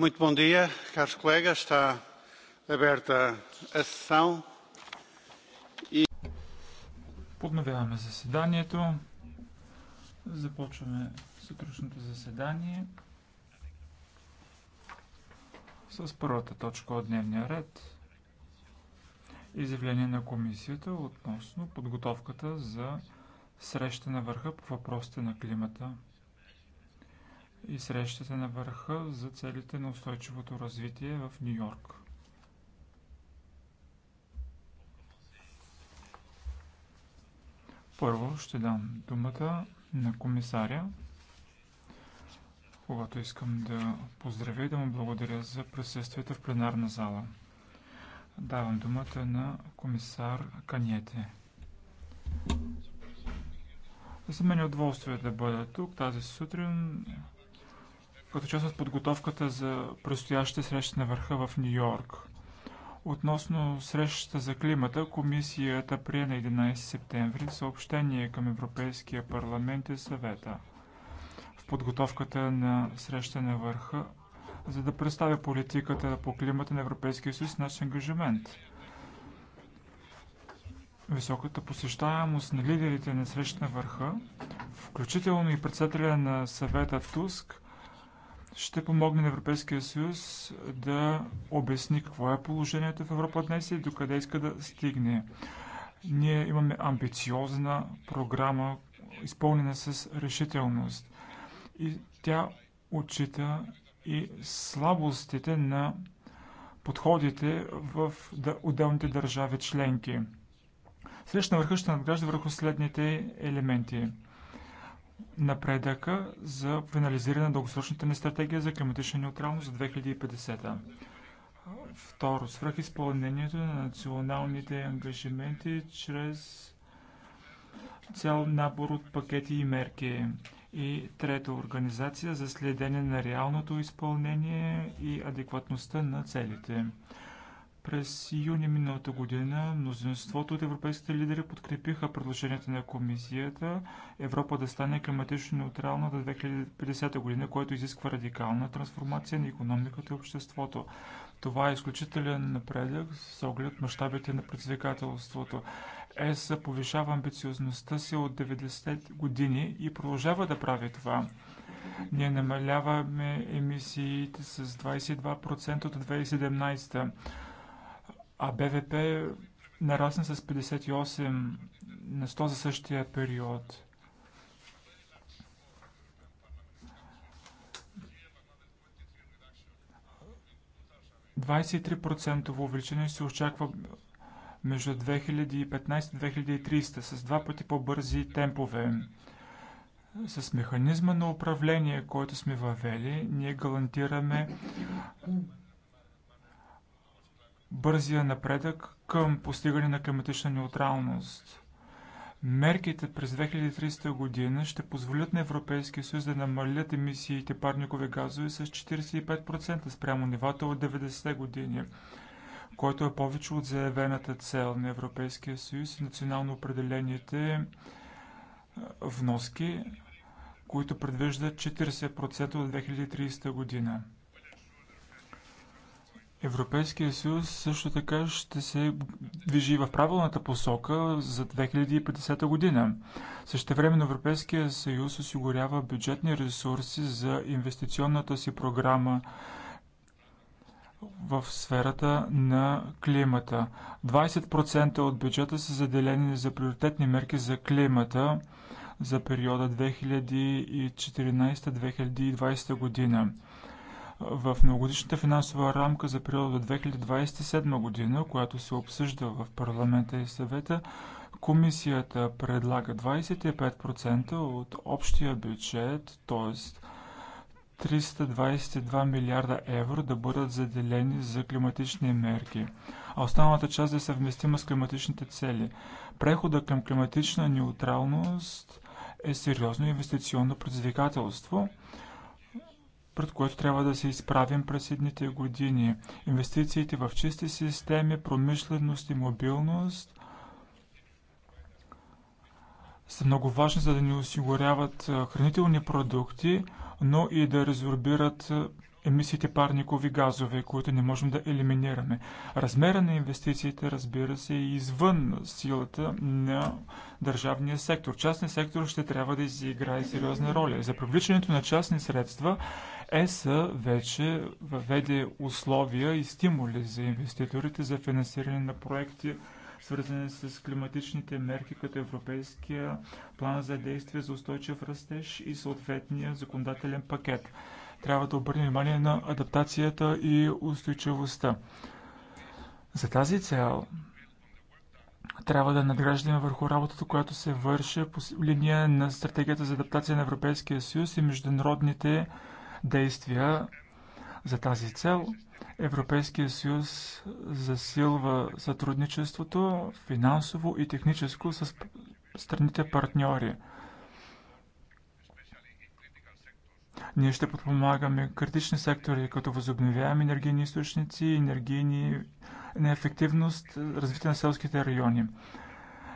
Muito bom dia, caros colegas. Está aberta a sessão. И... E Подновяваме заседанието. Започваме сутрешното заседание с първата точка от дневния ред. Изявление на комисията относно подготовката за среща на върха по въпросите на климата и срещата на върха за целите на устойчивото развитие в Нью Йорк. Първо ще дам думата на комисаря, когато искам да поздравя и да му благодаря за присъствието в пленарна зала. Давам думата на комисар Каньете. За мен е удоволствие да бъда тук тази сутрин като част от подготовката за предстоящите срещи на върха в Нью Йорк. Относно срещата за климата, комисията прие на 11 септември съобщение към Европейския парламент и съвета в подготовката на среща на върха, за да представя политиката по климата на Европейския съюз наш ангажимент. Високата посещаемост на лидерите на среща на върха, включително и председателя на съвета Туск, ще помогне на Европейския съюз да обясни какво е положението в Европа днес и докъде иска да стигне. Ние имаме амбициозна програма, изпълнена с решителност. И тя отчита и слабостите на подходите в отделните държави членки. Среща върха ще надгражда върху следните елементи – напредъка за финализиране на дългосрочната ни стратегия за климатична неутралност за 2050. Второ, свръхизпълнението на националните ангажименти чрез цял набор от пакети и мерки. И трето, организация за следение на реалното изпълнение и адекватността на целите. През юни миналата година мнозинството от европейските лидери подкрепиха предложението на комисията Европа да стане климатично неутрална до 2050 година, което изисква радикална трансформация на економиката и обществото. Това е изключителен напредък с оглед мащабите на предизвикателството. ЕС повишава амбициозността си от 90 години и продължава да прави това. Ние намаляваме емисиите с 22% от 2017 а БВП нарасна с 58 на 100 за същия период. процентово увеличение се очаква между 2015 и 2030 с два пъти по-бързи темпове. С механизма на управление, който сме въвели, ние гарантираме бързия напредък към постигане на климатична неутралност. Мерките през 2030 година ще позволят на Европейския съюз да намалят емисиите парникови газове с 45% спрямо нивата от 90-те години, което е повече от заявената цел на Европейския съюз и национално определените вноски, които предвиждат 40% от 2030 година. Европейския съюз също така ще се движи в правилната посока за 2050 година. Същевременно Европейския съюз осигурява бюджетни ресурси за инвестиционната си програма в сферата на климата. 20% от бюджета са заделени за приоритетни мерки за климата за периода 2014-2020 година. В многогодишната финансова рамка за периода до 2027 година, която се обсъжда в парламента и съвета, комисията предлага 25% от общия бюджет, т.е. 322 милиарда евро да бъдат заделени за климатични мерки, а останалата част да е съвместима с климатичните цели. Прехода към климатична неутралност е сериозно инвестиционно предизвикателство – пред което трябва да се изправим през едните години. Инвестициите в чисти системи, промишленост и мобилност са много важни, за да ни осигуряват хранителни продукти, но и да резорбират емисиите парникови газове, които не можем да елиминираме. Размера на инвестициите, разбира се, е извън силата на държавния сектор. Частният сектор ще трябва да изиграе сериозна роля. За привличането на частни средства ЕСА вече въведе условия и стимули за инвеститорите за финансиране на проекти, свързани с климатичните мерки, като Европейския план за действие за устойчив растеж и съответния законодателен пакет. Трябва да обърнем внимание на адаптацията и устойчивостта. За тази цел трябва да надграждаме върху работата, която се върши по линия на стратегията за адаптация на Европейския съюз и международните действия за тази цел. Европейския съюз засилва сътрудничеството финансово и техническо с страните партньори. Ние ще подпомагаме критични сектори, като възобновяеми енергийни източници, енергийни неефективност, развитие на селските райони.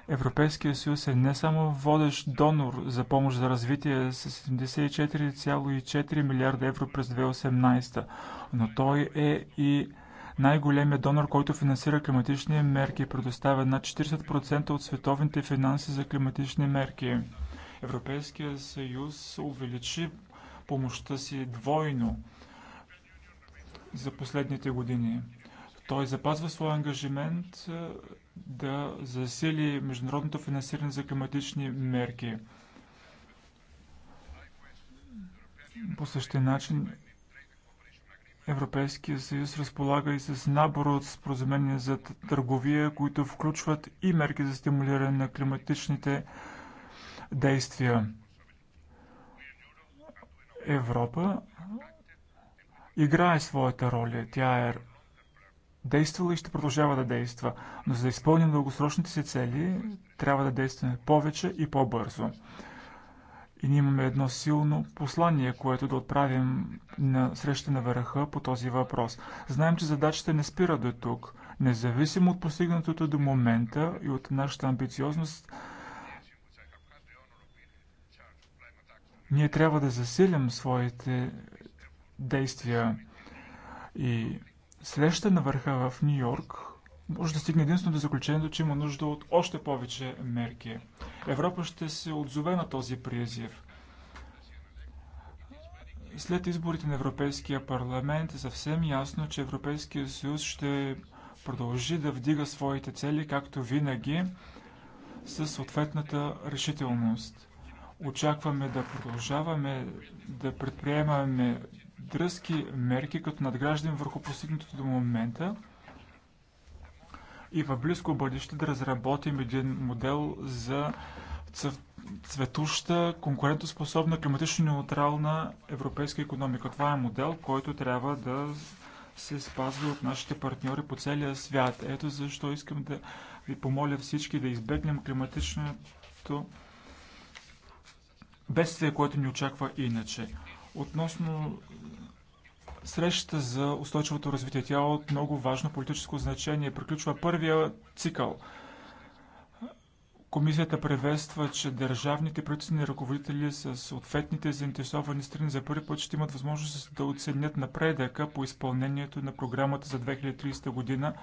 Европейския съюз е не само водещ донор за помощ за развитие с 74,4 милиарда евро през 2018, но той е и най-големият донор, който финансира климатични мерки и предоставя над 40% от световните финанси за климатични мерки. Европейския съюз увеличи помощта си двойно за последните години. Той запазва своя ангажимент да засили международното финансиране за климатични мерки. По същия начин Европейския съюз разполага и с набор от споразумения за търговия, които включват и мерки за стимулиране на климатичните действия. Европа играе своята роля. Тя е действала и ще продължава да действа. Но за да изпълним дългосрочните си цели, трябва да действаме повече и по-бързо. И ние имаме едно силно послание, което да отправим на среща на върха по този въпрос. Знаем, че задачата не спира до тук. Независимо от постигнатото до момента и от нашата амбициозност, ние трябва да засилим своите действия и среща на върха в Нью Йорк може да стигне единствено до заключението, че има нужда от още повече мерки. Европа ще се отзове на този призив. След изборите на Европейския парламент е съвсем ясно, че Европейския съюз ще продължи да вдига своите цели, както винаги, със съответната решителност. Очакваме да продължаваме да предприемаме дръзки мерки, като надграждам върху постигнатото до момента и в близко бъдеще да разработим един модел за цветуща, конкурентоспособна, климатично неутрална европейска економика. Това е модел, който трябва да се спазва от нашите партньори по целия свят. Ето защо искам да ви помоля всички да избегнем климатичното бедствие, което ни очаква иначе. Относно срещата за устойчивото развитие, тя е от много важно политическо значение. Приключва първия цикъл. Комисията приветства, че държавните правителствени ръководители с ответните заинтересовани страни за първи път ще имат възможност да оценят напредъка по изпълнението на програмата за 2030 година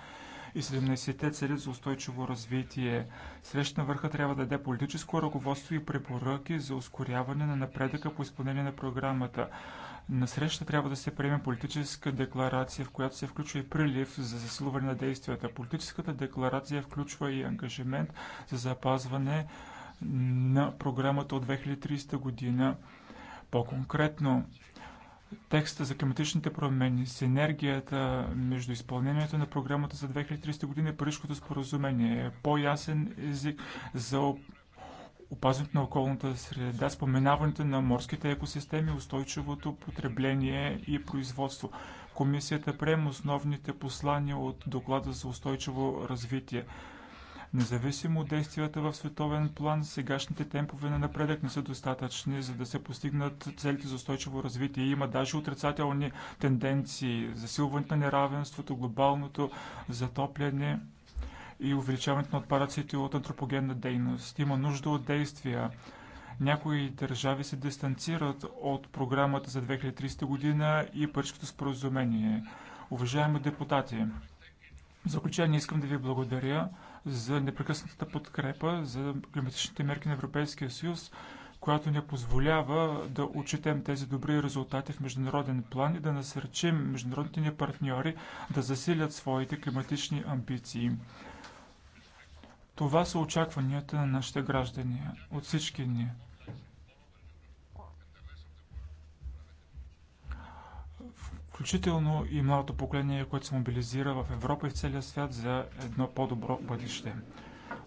и 17-те цели за устойчиво развитие. Среща на върха трябва да даде политическо ръководство и препоръки за ускоряване на напредъка по изпълнение на програмата. На среща трябва да се приеме политическа декларация, в която се включва и прилив за засилване на действията. Политическата декларация включва и ангажимент за запазване на програмата от 2030 година. По-конкретно, текста за климатичните промени, синергията между изпълнението на програмата за 2030 година и Парижското споразумение, е по-ясен език за опазването на околната среда, споменаването на морските екосистеми, устойчивото потребление и производство. Комисията приема основните послания от доклада за устойчиво развитие. Независимо от действията в световен план, сегашните темпове на напредък не са достатъчни, за да се постигнат целите за устойчиво развитие. Има даже отрицателни тенденции, засилването на неравенството, глобалното затопляне и увеличаването на отпадъците от антропогенна дейност. Има нужда от действия. Някои държави се дистанцират от програмата за 2030 година и Пършкото споразумение. Уважаеми депутати, в заключение искам да ви благодаря за непрекъснатата подкрепа за климатичните мерки на Европейския съюз, която ни позволява да отчетем тези добри резултати в международен план и да насърчим международните ни партньори да засилят своите климатични амбиции. Това са очакванията на нашите граждани, от всички ни. включително и младото поколение, което се мобилизира в Европа и в целия свят за едно по-добро бъдеще.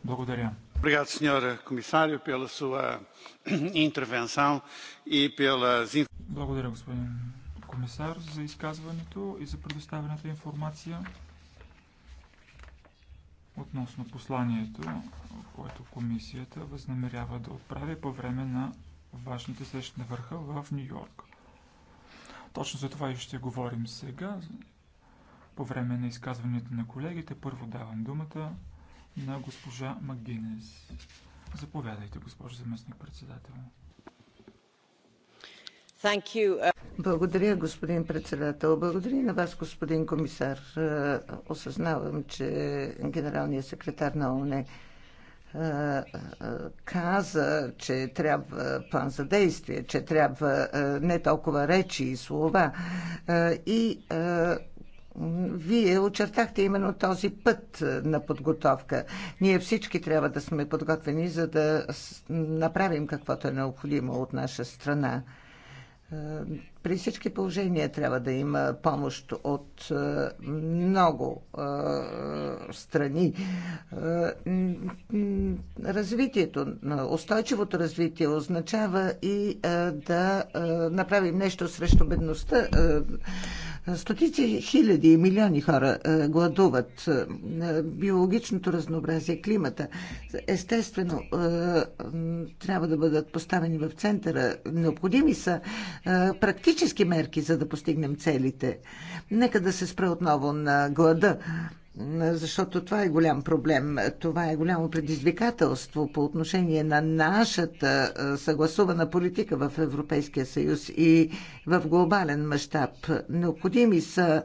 Благодаря. Obrigado, Sr. Comissário, pela sua intervenção e pelas... Благодаря, господин комисар, за изказването и за предоставената информация относно посланието, което комисията възнамерява да отправи по време на важните срещи на върха в Нью Йорк. Точно за това и ще говорим сега. По време на изказването на колегите, първо давам думата на госпожа Магинес. Заповядайте, госпожо заместник председател. Uh, Благодаря, господин председател. Благодаря на вас, господин комисар. Е, осъзнавам, че генералният секретар на ОНЕ каза, че трябва план за действие, че трябва не толкова речи и слова. И вие очертахте именно този път на подготовка. Ние всички трябва да сме подготвени, за да направим каквото е необходимо от наша страна. При всички положения трябва да има помощ от е, много е, страни. Е, развитието, устойчивото развитие означава и да направим нещо срещу бедността. Стотици хиляди и милиони хора гладуват. Биологичното разнообразие, климата, естествено, трябва да бъдат поставени в центъра. Необходими са практически практически мерки, за да постигнем целите. Нека да се спра отново на глада защото това е голям проблем. Това е голямо предизвикателство по отношение на нашата съгласувана политика в Европейския съюз и в глобален мащаб. Необходими са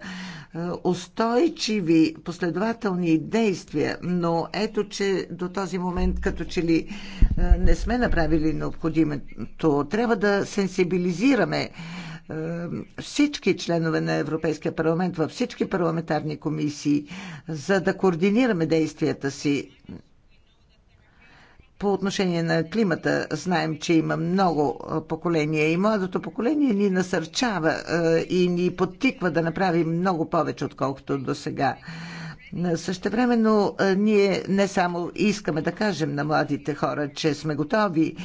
устойчиви, последователни действия, но ето, че до този момент като че ли не сме направили необходимото. Трябва да сенсибилизираме е, всички членове на Европейския парламент, във всички парламентарни комисии, за да координираме действията си по отношение на климата знаем, че има много е, поколения и младото поколение ни насърчава е, и ни подтиква да направим много повече, отколкото до сега. Същевременно ние не само искаме да кажем на младите хора, че сме готови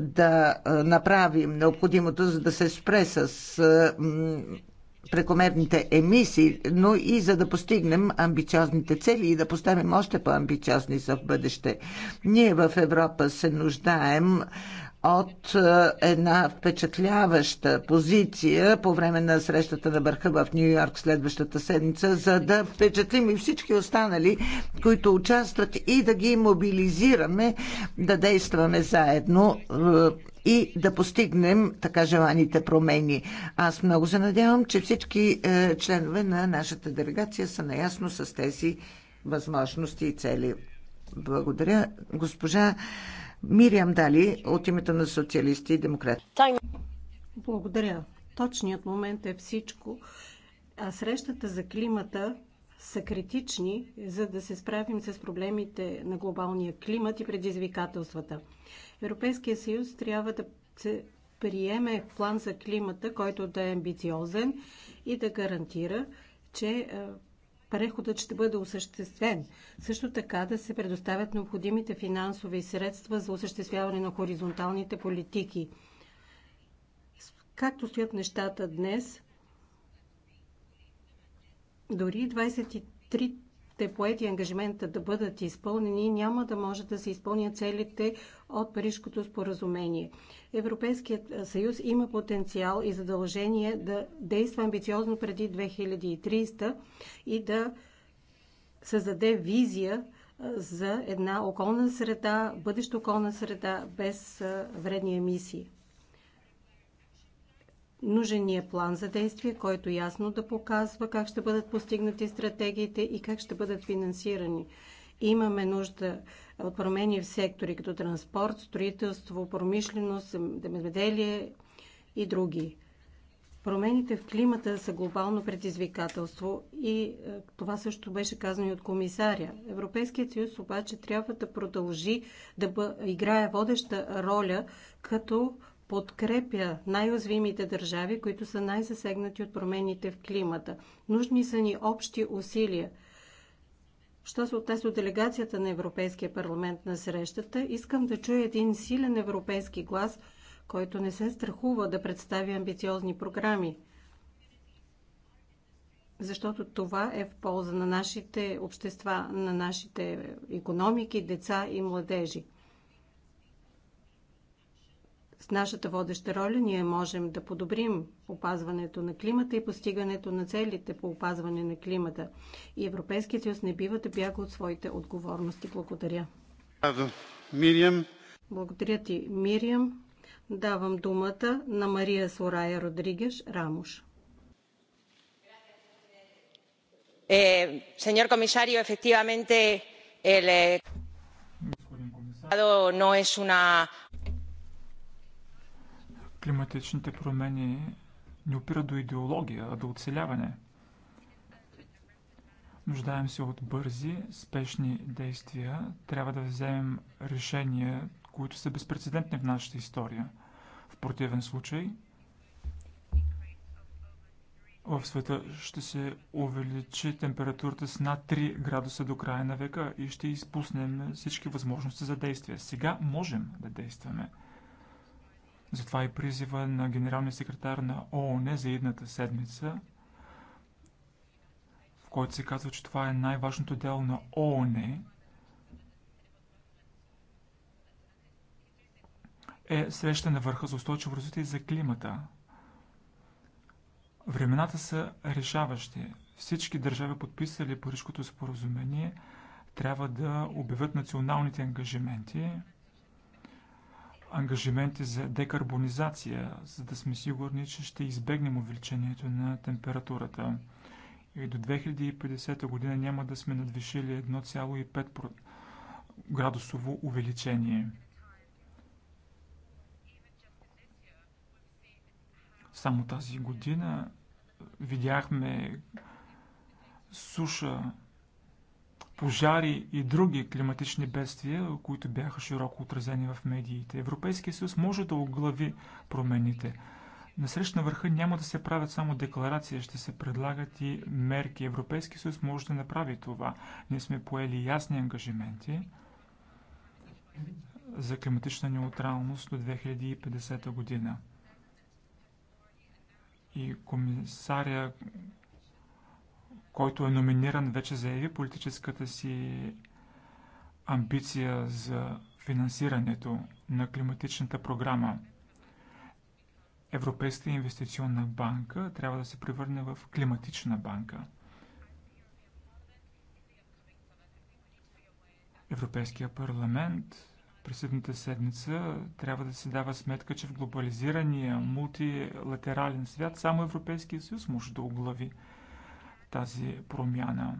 да направим необходимото, за да се спре с прекомерните емисии, но и за да постигнем амбициозните цели и да поставим още по-амбициозни за в бъдеще. Ние в Европа се нуждаем от е, една впечатляваща позиция по време на срещата на върха в Нью Йорк следващата седмица, за да впечатлим и всички останали, които участват и да ги мобилизираме да действаме заедно е, и да постигнем така желаните промени. Аз много се надявам, че всички е, членове на нашата делегация са наясно с тези възможности и цели. Благодаря. Госпожа Мириам Дали от името на социалисти и демократи. Благодаря. Точният момент е всичко. А срещата за климата са критични, за да се справим с проблемите на глобалния климат и предизвикателствата. Европейския съюз трябва да се приеме план за климата, който да е амбициозен и да гарантира, че преходът ще бъде осъществен. Също така да се предоставят необходимите финансови средства за осъществяване на хоризонталните политики. Както стоят нещата днес, дори 23 те поети ангажимента да бъдат изпълнени, няма да може да се изпълнят целите от Парижкото споразумение. Европейският съюз има потенциал и задължение да действа амбициозно преди 2300 и да създаде визия за една околна среда, бъдеща околна среда без вредни емисии. Нужен ни е план за действие, който ясно да показва как ще бъдат постигнати стратегиите и как ще бъдат финансирани. Имаме нужда от промени в сектори като транспорт, строителство, промишленост, земеделие и други. Промените в климата са глобално предизвикателство и е, това също беше казано и от комисаря. Европейският съюз обаче трябва да продължи да играе водеща роля, като подкрепя най-уязвимите държави, които са най-засегнати от промените в климата. Нужни са ни общи усилия. Що се отнася от делегацията на Европейския парламент на срещата, искам да чуя един силен европейски глас, който не се страхува да представи амбициозни програми. Защото това е в полза на нашите общества, на нашите економики, деца и младежи. С нашата водеща роля ние можем да подобрим опазването на климата и постигането на целите по опазване на климата. И Европейският съюз не бива да бяга от своите отговорности. Благодаря. Мириам. Благодаря ти, Мириам. Давам думата на Мария Сорая Родригеш Рамуш. Eh, señor comisario, efectivamente, el no е una Климатичните промени не опират до идеология, а до оцеляване. Нуждаем се от бързи, спешни действия. Трябва да вземем решения, които са безпредседентни в нашата история. В противен случай, в света ще се увеличи температурата с над 3 градуса до края на века и ще изпуснем всички възможности за действие. Сега можем да действаме. Затова и призива на генералния секретар на ООН за едната седмица, в който се казва, че това е най-важното дело на ООН, е среща на върха за устойчиво развитие за климата. Времената са решаващи. Всички държави, подписали Парижкото споразумение, трябва да обявят националните ангажименти – ангажименти за декарбонизация, за да сме сигурни, че ще избегнем увеличението на температурата. И до 2050 година няма да сме надвишили 1,5 градусово увеличение. Само тази година видяхме суша пожари и други климатични бедствия, които бяха широко отразени в медиите. Европейския съюз може да оглави промените. На среща на върха няма да се правят само декларации, ще се предлагат и мерки. Европейския съюз може да направи това. Ние сме поели ясни ангажименти за климатична неутралност до 2050 година. И комисаря който е номиниран, вече заяви политическата си амбиция за финансирането на климатичната програма. Европейската инвестиционна банка трябва да се превърне в климатична банка. Европейския парламент през следната седмица трябва да се дава сметка, че в глобализирания мултилатерален свят само Европейския съюз може да оглави тази промяна.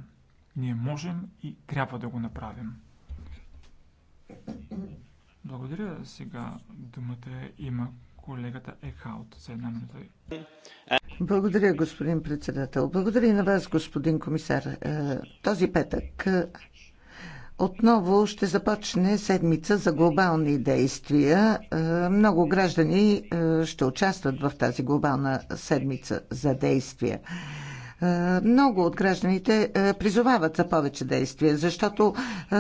Ние можем и трябва да го направим. Благодаря. Сега думата има колегата Ехаут за една минута. Благодаря, господин председател. Благодаря и на вас, господин комисар. Е, този петък е, отново ще започне седмица за глобални действия. Е, много граждани ще участват в тази глобална седмица за действия. Е, много от гражданите е, призовават за повече действия, защото е,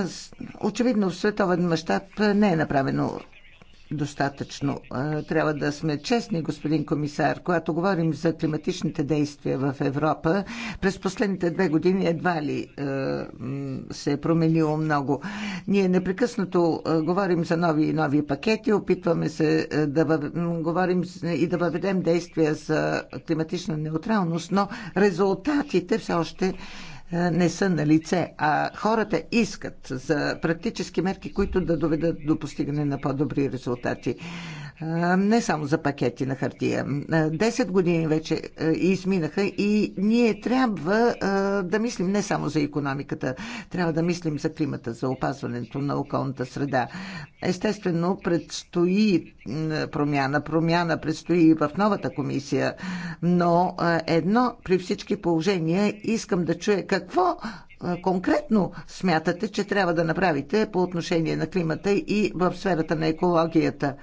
очевидно в световен мащаб не е направено достатъчно. Трябва да сме честни, господин комисар. Когато говорим за климатичните действия в Европа, през последните две години едва ли се е променило много. Ние непрекъснато говорим за нови и нови пакети, опитваме се да във... говорим и да въведем действия за климатична неутралност, но резултатите все още е, не са на лице, а хората искат за практически мерки, които да доведат до постигане на по-добри резултати не само за пакети на хартия. Десет години вече изминаха и ние трябва да мислим не само за економиката, трябва да мислим за климата, за опазването на околната среда. Естествено, предстои промяна, промяна предстои в новата комисия, но едно при всички положения искам да чуя какво конкретно смятате, че трябва да направите по отношение на климата и в сферата на екологията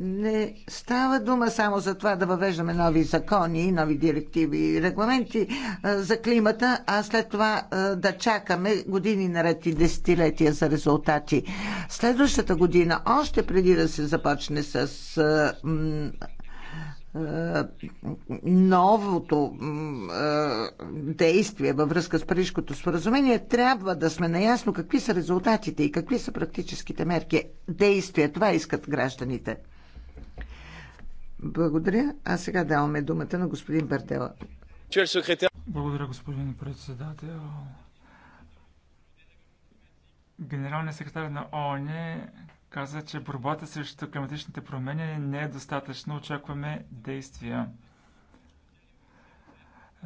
не става дума само за това да въвеждаме нови закони, нови директиви и регламенти за климата, а след това да чакаме години наред и десетилетия за резултати. Следващата година, още преди да се започне с новото действие във връзка с Парижкото споразумение, трябва да сме наясно какви са резултатите и какви са практическите мерки. Действия, това искат гражданите. Благодаря. А сега даваме думата на господин Бардела. Благодаря, господин председател. Генералният секретар на ООН каза, че борбата срещу климатичните промени не е достатъчно. Очакваме действия.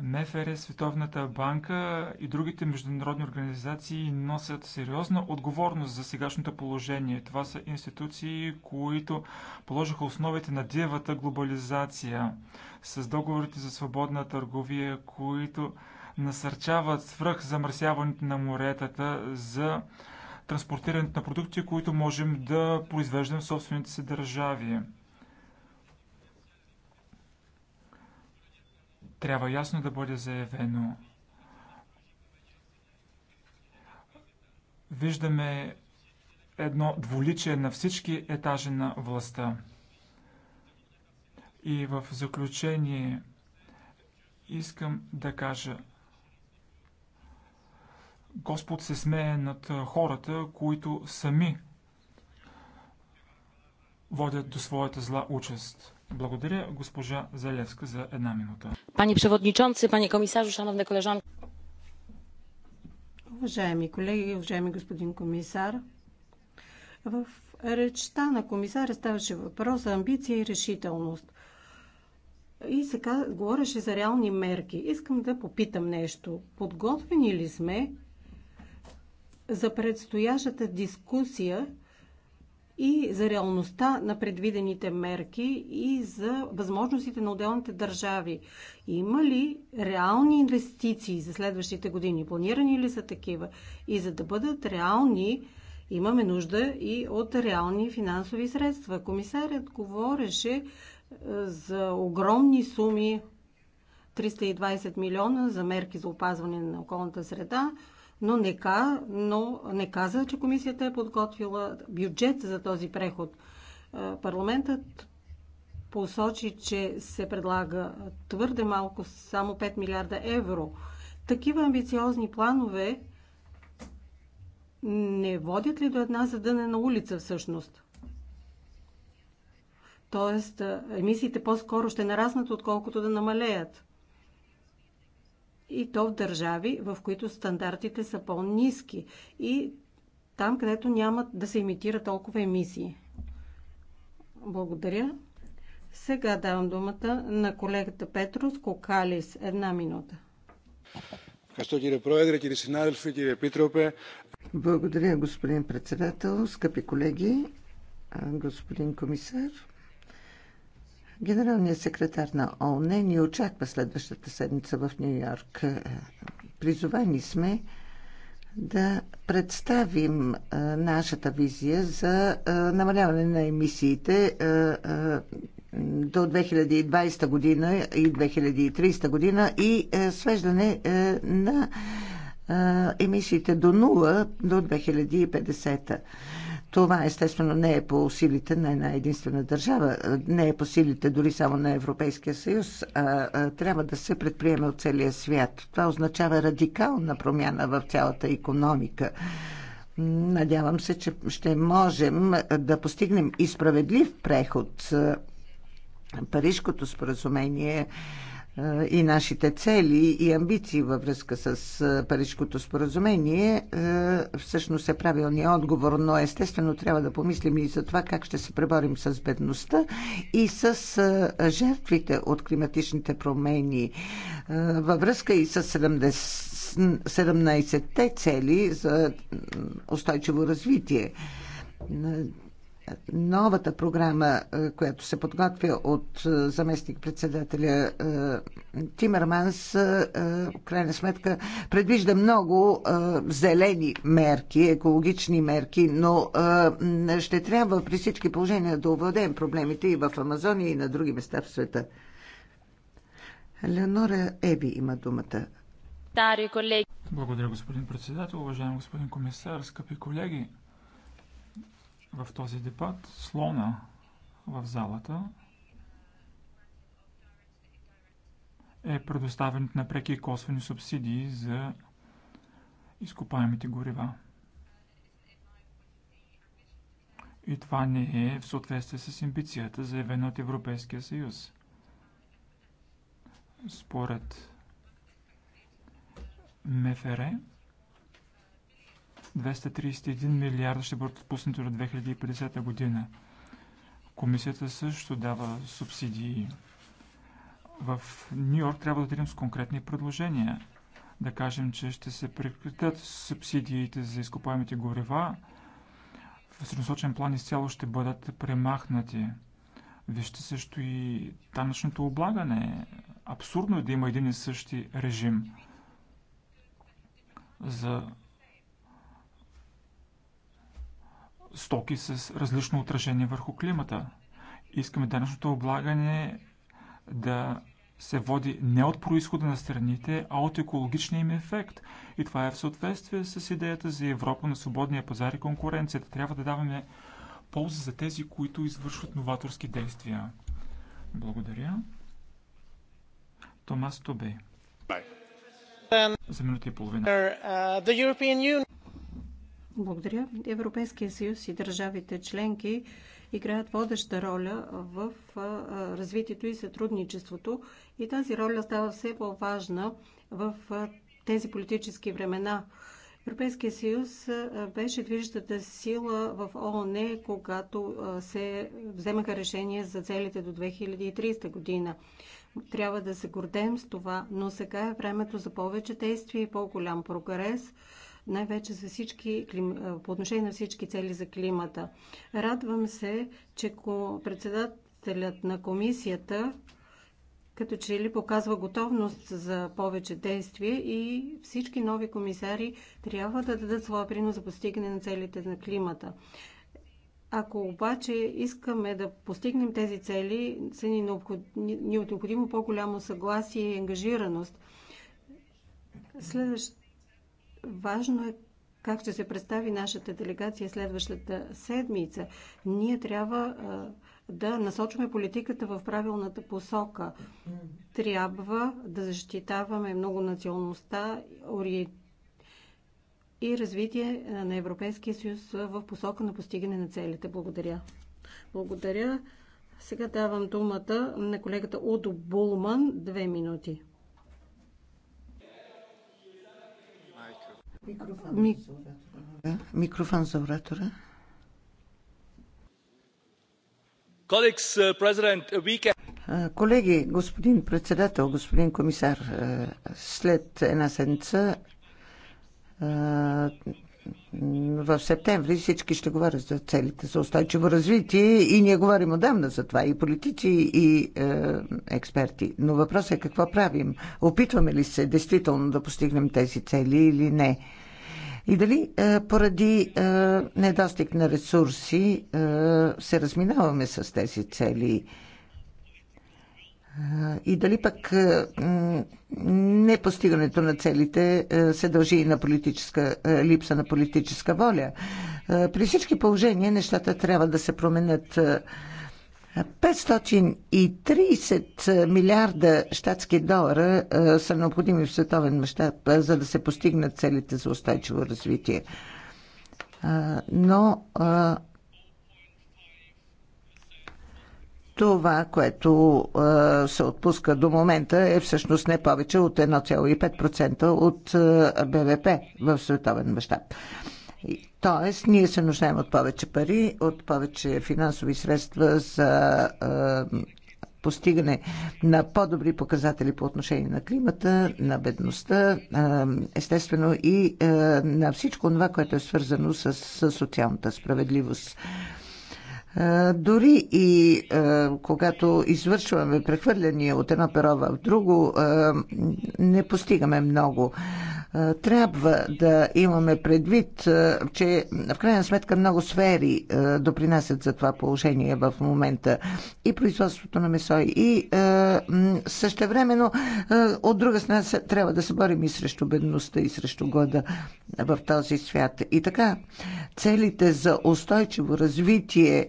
МФР, Световната банка и другите международни организации носят сериозна отговорност за сегашното положение. Това са институции, които положиха основите на дивата глобализация с договорите за свободна търговия, които насърчават свръх замърсяването на моретата за транспортирането на продукти, които можем да произвеждаме в собствените си държави. Трябва ясно да бъде заявено. Виждаме едно дволичие на всички етажи на властта. И в заключение искам да кажа Господ се смее над хората, които сами водят до своята зла участ. Благодаря госпожа Залевска за една минута. Пани Przewodniczący, пани комисажу, шановне колежан. Уважаеми колеги, уважаеми господин комисар, в речта на комисаря ставаше въпрос за амбиция и решителност. И сега говореше за реални мерки. Искам да попитам нещо. Подготвени ли сме за предстоящата дискусия и за реалността на предвидените мерки и за възможностите на отделните държави. Има ли реални инвестиции за следващите години? Планирани ли са такива? И за да бъдат реални, имаме нужда и от реални финансови средства. Комисарят говореше е, за огромни суми 320 милиона за мерки за опазване на околната среда, но не, ка, но не каза, че комисията е подготвила бюджет за този преход. Е, парламентът посочи, че се предлага твърде малко, само 5 милиарда евро. Такива амбициозни планове не водят ли до една задънена улица всъщност? Тоест, е, емисиите по-скоро ще нараснат, отколкото да намалеят и то в държави, в които стандартите са по-низки и там, където няма да се имитира толкова емисии. Благодаря. Сега давам думата на колегата Петрус Кокалис. Една минута. Благодаря, господин председател, скъпи колеги, господин комисар. Генералният секретар на ООН ни очаква следващата седмица в Нью Йорк. Призовани сме да представим а, нашата визия за а, намаляване на емисиите а, а, до 2020 година и 2030 година и а, свеждане а, на а, емисиите до нула до 2050. Това естествено не е по силите на една единствена държава, не е по силите дори само на Европейския съюз. А, а, трябва да се предприеме от целия свят. Това означава радикална промяна в цялата економика. Надявам се, че ще можем да постигнем и справедлив преход. парижското споразумение и нашите цели и амбиции във връзка с Парижкото споразумение всъщност е правилният отговор, но естествено трябва да помислим и за това как ще се преборим с бедността и с жертвите от климатичните промени във връзка и с 17-те цели за устойчиво развитие новата програма, е, която се подготвя от е, заместник-председателя е, Тимерманс, в крайна сметка предвижда много зелени мерки, екологични мерки, но ще трябва при всички положения да овладеем проблемите и в Амазония, и на други места в света. Леонора Еби има думата. Благодаря, господин председател, уважаеми господин комисар, скъпи колеги в този дебат слона в залата е предоставянето на преки и косвени субсидии за изкопаемите горива. И това не е в съответствие с амбицията, заявена от Европейския съюз. Според МФР, 231 милиарда ще бъдат отпуснати до 2050 година. Комисията също дава субсидии. В Нью Йорк трябва да отидем с конкретни предложения. Да кажем, че ще се прекратят субсидиите за изкопаемите горева. В средносрочен план изцяло ще бъдат премахнати. Вижте също и данъчното облагане. Абсурдно е да има един и същи режим за стоки с различно отражение върху климата. Искаме данъчното облагане да се води не от происхода на страните, а от екологичния им ефект. И това е в съответствие с идеята за Европа на свободния пазар и конкуренцията. Трябва да даваме полза за тези, които извършват новаторски действия. Благодаря. Томас Тобей. За минута и половина. Uh, благодаря. Европейския съюз и държавите членки играят водеща роля в развитието и сътрудничеството и тази роля става все по-важна в тези политически времена. Европейския съюз беше движещата сила в ООН, когато се вземаха решения за целите до 2030 година. Трябва да се гордеем с това, но сега е времето за повече действие и по-голям прогрес – най-вече за всички, по отношение на всички цели за климата. Радвам се, че председателят на комисията като че ли показва готовност за повече действие и всички нови комисари трябва да дадат своя принос за постигане на целите на климата. Ако обаче искаме да постигнем тези цели, са ни необходимо по-голямо съгласие и ангажираност. Следващ Важно е как ще се представи нашата делегация следващата седмица. Ние трябва да насочваме политиката в правилната посока. Трябва да защитаваме много националността и развитие на Европейския съюз в посока на постигане на целите. Благодаря. Благодаря. Сега давам думата на колегата Удо Булман. Две минути. Микрофон, Ми... за оратора. Микрофон за оратора. Uh, uh, колеги, господин председател, господин комисар, uh, след една седмица в септември всички ще говорят за целите за устойчиво развитие и ние говорим отдавна за това, и политици, и е, експерти. Но въпросът е какво правим? Опитваме ли се действително да постигнем тези цели или не? И дали е, поради е, недостиг на ресурси е, се разминаваме с тези цели? Е, и дали пък е, не постигането на целите е, се дължи и на политическа, е, липса на политическа воля. При всички положения нещата трябва да се променят. 530 милиарда щатски долара са необходими в световен мащаб, за да се постигнат целите за устойчиво развитие. Но това, което се отпуска до момента е всъщност не повече от 1,5% от БВП в световен мащаб. Тоест, ние се нуждаем от повече пари, от повече финансови средства за постигане на по-добри показатели по отношение на климата, на бедността, естествено и на всичко това, което е свързано с социалната справедливост. Дори и когато извършваме прехвърляния от едно перо в друго, не постигаме много. Трябва да имаме предвид, че в крайна сметка много сфери допринасят за това положение в момента. И производството на месо, и същевременно от друга страна трябва да се борим и срещу бедността, и срещу глада в този свят. И така, целите за устойчиво развитие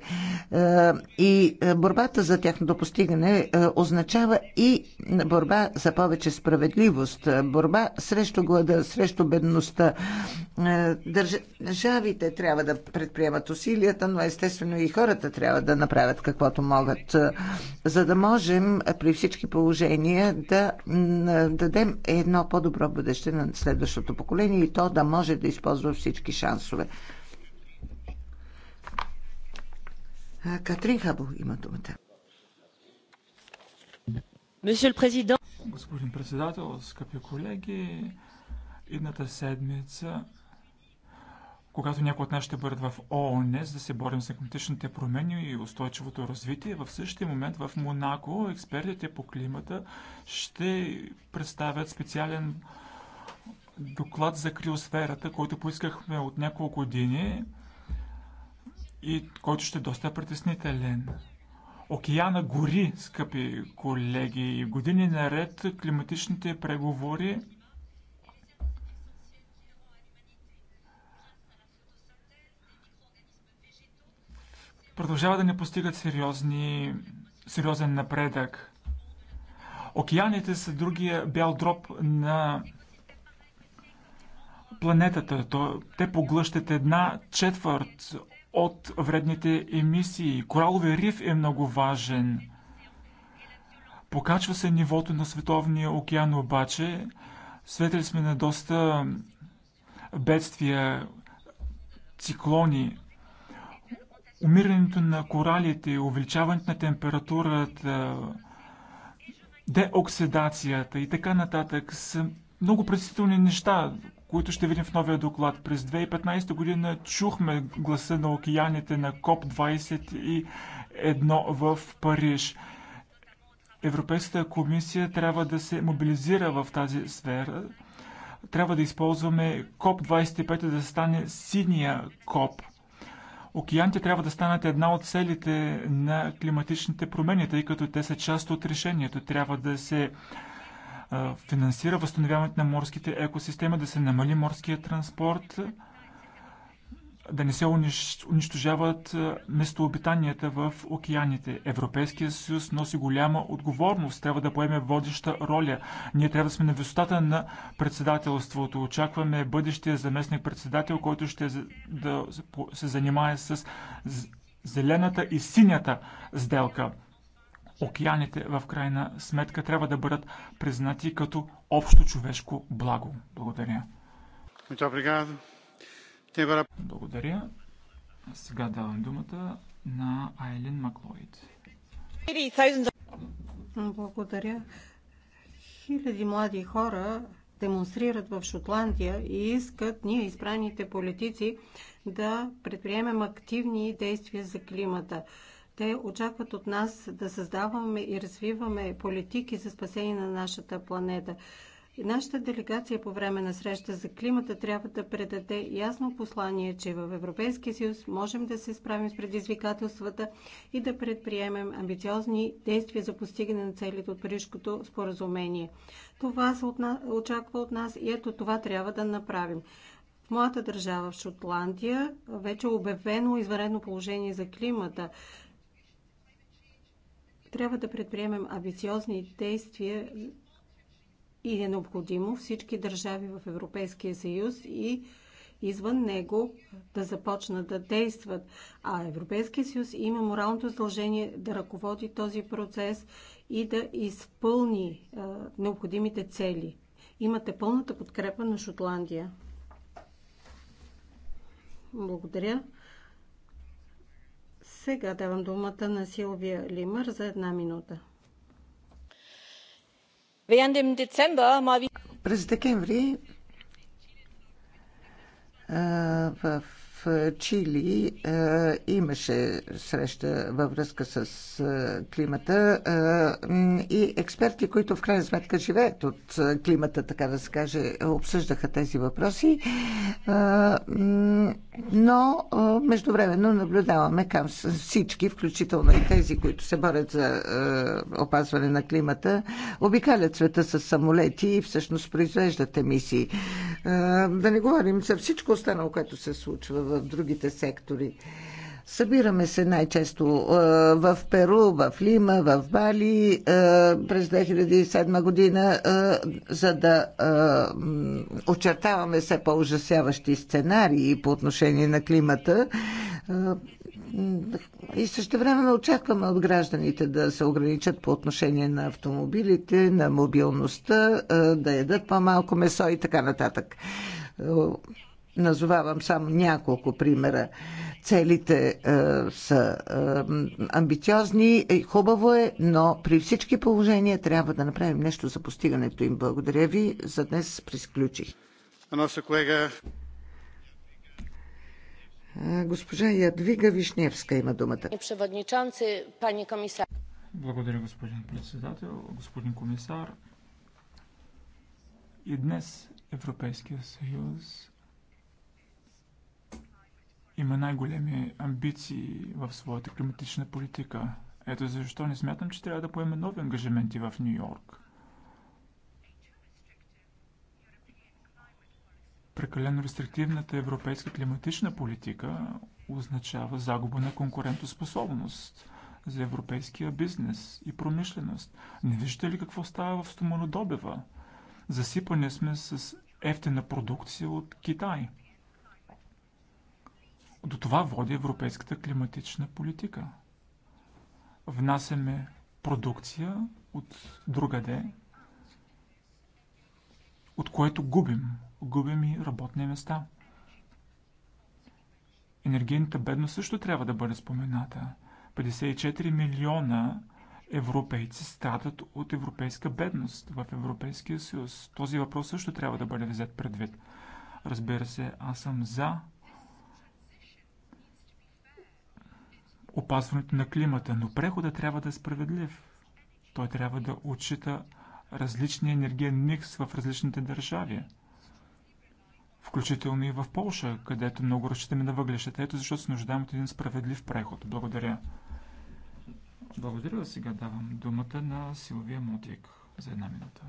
и борбата за тяхното постигане означава и борба за повече справедливост, борба срещу глада е, срещу бедността. Е, държавите трябва да предприемат усилията, но естествено и хората трябва да направят каквото могат, е, за да можем при всички положения да дадем едно по-добро бъдеще на следващото поколение и то да може да използва всички шансове. Катрин Хабо има думата. Господин председател, скъпи колеги, Идната седмица, когато някои от нас ще бъдат в ООН, за да се борим за климатичните промени и устойчивото развитие, в същия момент в Монако експертите по климата ще представят специален доклад за криосферата, който поискахме от няколко години и който ще е доста притеснителен. Океана гори, скъпи колеги, и години наред климатичните преговори Продължава да не постигат сериозни, сериозен напредък. Океаните са другия бял дроп на планетата. те поглъщат една четвърт от вредните емисии. Коралови риф е много важен. Покачва се нивото на световния океан, обаче светили сме на доста бедствия, циклони, умирането на коралите, увеличаването на температурата, деоксидацията и така нататък са много предсетителни неща, които ще видим в новия доклад. През 2015 година чухме гласа на океаните на КОП-21 в Париж. Европейската комисия трябва да се мобилизира в тази сфера. Трябва да използваме КОП-25 да стане синия КОП – Океаните трябва да станат една от целите на климатичните промени, тъй като те са част от решението. Трябва да се финансира възстановяването на морските екосистеми, да се намали морския транспорт, да не се унищожават е, местообитанията в океаните. Европейския съюз носи голяма отговорност, трябва да поеме водеща роля. Ние трябва да сме на висотата на председателството. Очакваме бъдещия заместник председател, който ще да се занимае с зелената и синята сделка. Океаните в крайна сметка трябва да бъдат признати като общо човешко благо. Благодаря. Muito obrigado. Благодаря. Сега давам думата на Айлин Маклоид. Благодаря. Хиляди млади хора демонстрират в Шотландия и искат ние, избраните политици, да предприемем активни действия за климата. Те очакват от нас да създаваме и развиваме политики за спасение на нашата планета. Нашата делегация по време на среща за климата трябва да предаде ясно послание, че в Европейския съюз можем да се справим с предизвикателствата и да предприемем амбициозни действия за постигане на целите от Парижското споразумение. Това се очаква от нас и ето това трябва да направим. В моята държава, в Шотландия, вече е обявено изварено положение за климата трябва да предприемем амбициозни действия и е необходимо всички държави в Европейския съюз и извън него да започнат да действат. А Европейския съюз има моралното задължение да ръководи този процес и да изпълни а, е, необходимите цели. Имате пълната подкрепа на Шотландия. Благодаря. Сега давам думата на Силвия Лимър за една минута. През декември в Чили е, имаше среща във връзка с е, климата е, и експерти, които в крайна сметка живеят от климата, така да се каже, обсъждаха тези въпроси. Но междувременно наблюдаваме към всички, включително и тези, които се борят за опазване на климата, обикалят света с самолети и всъщност произвеждат емисии. Да не говорим за всичко останало, което се случва в другите сектори. Събираме се най-често в Перу, в Лима, в Бали през 2007 година, за да очертаваме все по-ужасяващи сценарии по отношение на климата. И също време очакваме от гражданите да се ограничат по отношение на автомобилите, на мобилността, да ядат по-малко месо и така нататък. Назовавам само няколко примера. Целите е, са е, амбициозни, хубаво е, но при всички положения трябва да направим нещо за постигането им. Благодаря ви. За днес присключих. Нашия колега Госпожа Ядвига Вишневска има думата. Благодаря, господин председател, господин комисар. И днес Европейския съюз има най-големи амбиции в своята климатична политика. Ето защо не смятам, че трябва да поеме нови ангажименти в Нью Йорк. Прекалено рестриктивната европейска климатична политика означава загуба на конкурентоспособност за европейския бизнес и промишленост. Не виждате ли какво става в стоманодобива? Засипани сме с ефтена продукция от Китай. До това води европейската климатична политика. Внасяме продукция от другаде, от което губим губим и работни места. Енергийната бедност също трябва да бъде спомената. 54 милиона европейци страдат от европейска бедност в Европейския съюз. Този въпрос също трябва да бъде взет предвид. Разбира се, аз съм за опазването на климата, но преходът трябва да е справедлив. Той трябва да отчита различния енергиен микс в различните държави включително и в Полша, където много разчитаме на въглищата. Ето защото се нуждаем от един справедлив преход. Благодаря. Благодаря. Сега давам думата на Силвия Мотик за една минута.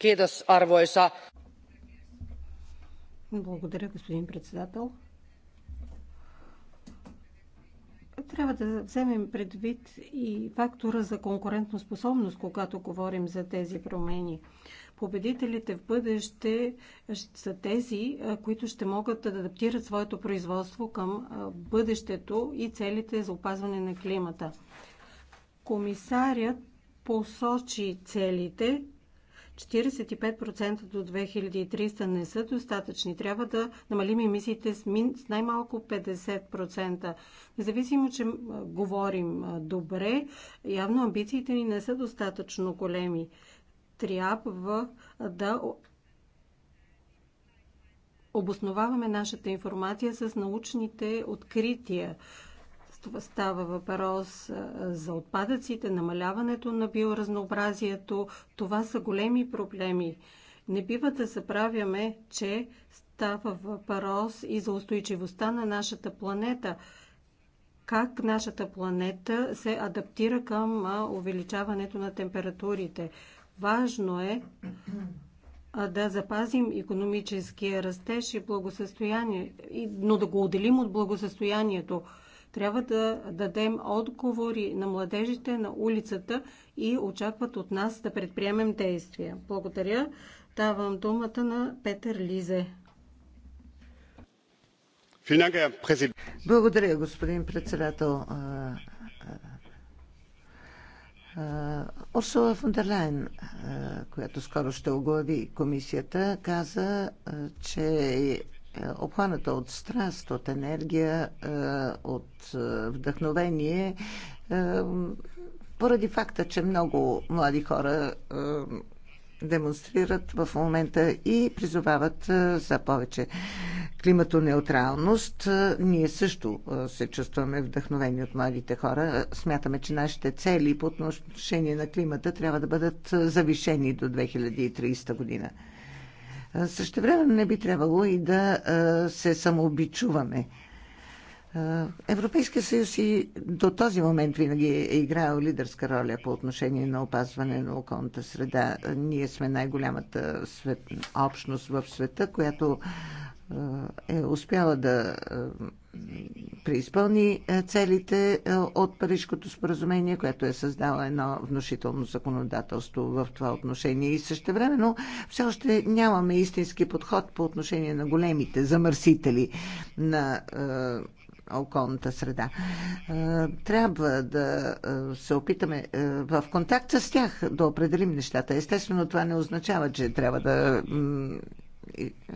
Кедас, Арвоеса. Благодаря, господин председател. Трябва да вземем предвид и фактора за конкурентоспособност, когато говорим за тези промени победителите в бъдеще са тези, които ще могат да адаптират своето производство към бъдещето и целите за опазване на климата. Комисарят посочи целите 45% до 2300 не са достатъчни. Трябва да намалим емисиите с, най-малко 50%. Независимо, че говорим добре, явно амбициите ни не са достатъчно големи трябва да обосноваваме нашата информация с научните открития. Това става въпрос за отпадъците, намаляването на биоразнообразието. Това са големи проблеми. Не бива да забравяме, че става въпрос и за устойчивостта на нашата планета. Как нашата планета се адаптира към увеличаването на температурите. Важно е да запазим економическия растеж и благосъстояние, но да го отделим от благосъстоянието. Трябва да дадем отговори на младежите на улицата и очакват от нас да предприемем действия. Благодаря. Давам думата на Петър Лизе. Благодаря, господин председател. Урсула фон дер Лайн, която скоро ще оглави комисията, каза, че е, е, обхваната от страст, от енергия, от вдъхновение, поради факта, че много млади хора демонстрират в момента и призовават за повече климатонеутралност. Ние също се чувстваме вдъхновени от младите хора. Смятаме, че нашите цели по отношение на климата трябва да бъдат завишени до 2030 година. Също време не би трябвало и да се самообичуваме Европейския съюз и до този момент винаги е играл лидерска роля по отношение на опазване на околната среда. Ние сме най-голямата свет... общност в света, която е успяла да преизпълни целите от Парижкото споразумение, което е създало едно внушително законодателство в това отношение. И също времено все още нямаме истински подход по отношение на големите замърсители на околната среда. Е, трябва да е, се опитаме е, в контакт с тях да определим нещата. Естествено, това не означава, че трябва да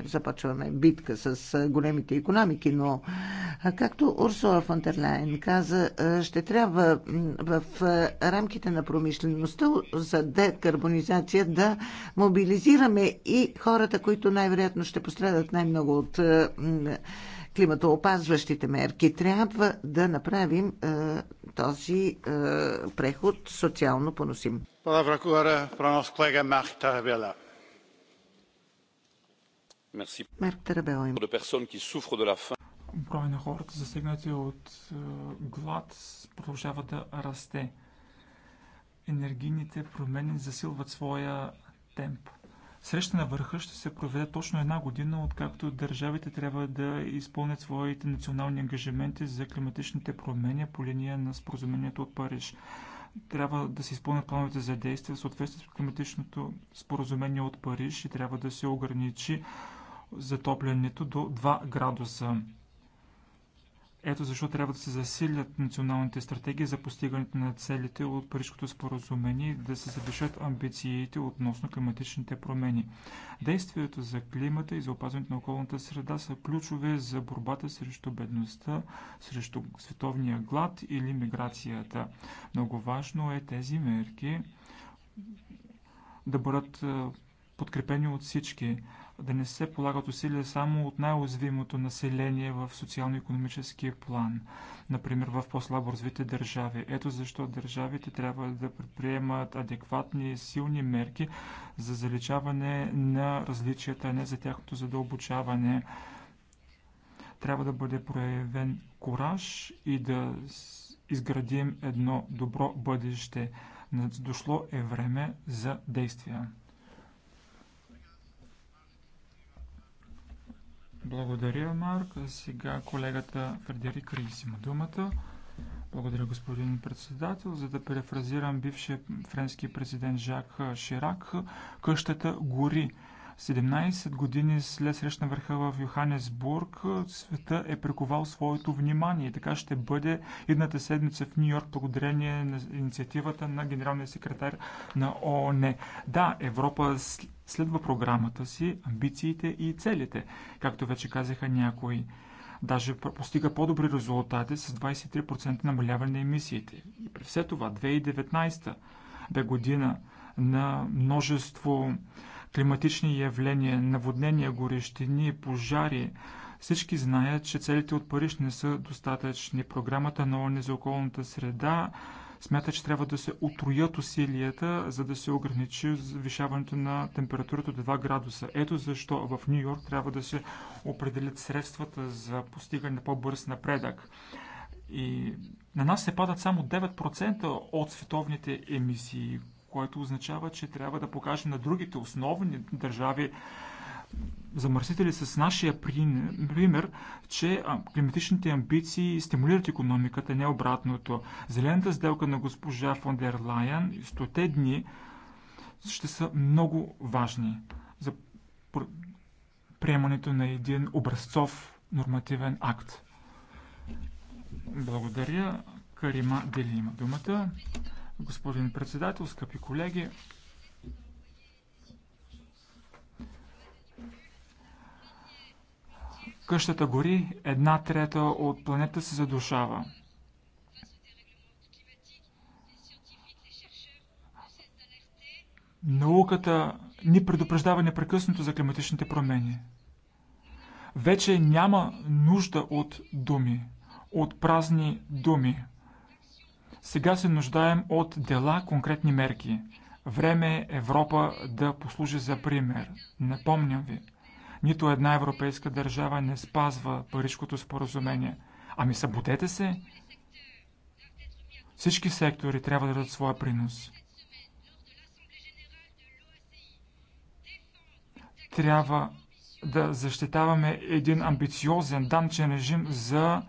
започваме битка с големите економики, но както Урсула Фонтерлайн каза, ще трябва в рамките на промишлеността за декарбонизация да мобилизираме и хората, които най-вероятно ще пострадат най-много от климатоопазващите мерки. Трябва да направим е, този е, преход социално поносим. Марк Тарабела броя на хората засегнати от е, глад продължава да расте. Енергийните промени засилват своя темп. Среща на върха ще се проведе точно една година, откакто държавите трябва да изпълнят своите национални ангажименти за климатичните промени по линия на споразумението от Париж. Трябва да се изпълнят плановете за действие в съответствие с климатичното споразумение от Париж и трябва да се ограничи затоплянето до 2 градуса. Ето защо трябва да се засилят националните стратегии за постигането на целите от Парижското споразумение и да се завишат амбициите относно климатичните промени. Действието за климата и за опазването на околната среда са ключове за борбата срещу бедността, срещу световния глад или миграцията. Много важно е тези мерки да бъдат подкрепени от всички да не се полагат усилия само от най-уязвимото население в социално-економическия план, например в по-слабо развити държави. Ето защо държавите трябва да предприемат адекватни и силни мерки за заличаване на различията, а не за тяхното задълбочаване. Трябва да бъде проявен кураж и да изградим едно добро бъдеще. Дошло е време за действия. Благодаря, Марк. Сега колегата Фредерик Рис има думата. Благодаря, господин председател. За да перефразирам бившия френски президент Жак Ширак, къщата гори. 17 години след срещна върха в Йоханесбург, света е приковал своето внимание. Така ще бъде едната седмица в Нью Йорк, благодарение на инициативата на генералния секретар на ООН. Да, Европа следва програмата си, амбициите и целите, както вече казаха някои. Даже постига по-добри резултати с 23% намаляване на емисиите. И при все това, 2019 бе година на множество климатични явления, наводнения, горещини, пожари. Всички знаят, че целите от Париж не са достатъчни. Програмата на ООН за околната среда смята, че трябва да се утроят усилията, за да се ограничи завишаването на температурата до 2 градуса. Ето защо в Нью Йорк трябва да се определят средствата за постигане на по-бърз напредък. И на нас се падат само 9% от световните емисии, което означава, че трябва да покажем на другите основни държави, замърсители с нашия пример, че климатичните амбиции стимулират економиката, не обратното. Зелената сделка на госпожа фон дер Лайен стоте дни ще са много важни за приемането на един образцов нормативен акт. Благодаря. Карима Дели има думата. Господин председател, скъпи колеги, къщата гори, една трета от планета се задушава. Науката ни предупреждава непрекъснато за климатичните промени. Вече няма нужда от думи, от празни думи. Сега се нуждаем от дела, конкретни мерки. Време е Европа да послужи за пример. Напомням ви, нито една европейска държава не спазва Парижкото споразумение. Ами събудете се! Всички сектори трябва да дадат своя принос. Трябва да защитаваме един амбициозен данчен режим за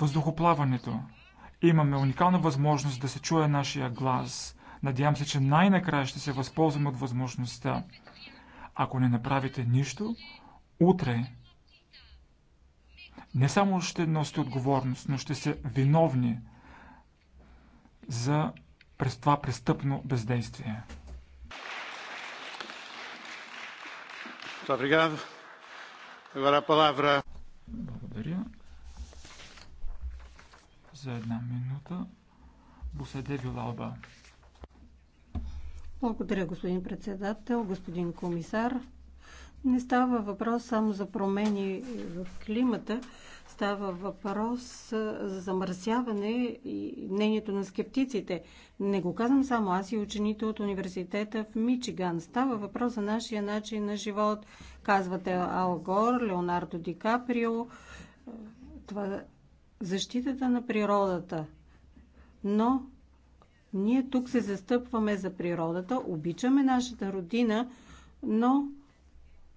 въздухоплаването. Имаме уникална възможност да се чуе нашия глас. Надявам се, че най-накрая ще се възползваме от възможността. Ако не направите нищо, утре не само ще носите отговорност, но ще се виновни за през това престъпно бездействие. Благодаря за една минута. Боседе Вилалба. Благодаря, господин председател, господин комисар. Не става въпрос само за промени в климата, става въпрос за замърсяване и мнението на скептиците. Не го казвам само аз и учените от университета в Мичиган. Става въпрос за нашия начин на живот. Казвате Алгор, Леонардо Ди Каприо. Това защитата на природата. Но ние тук се застъпваме за природата, обичаме нашата родина, но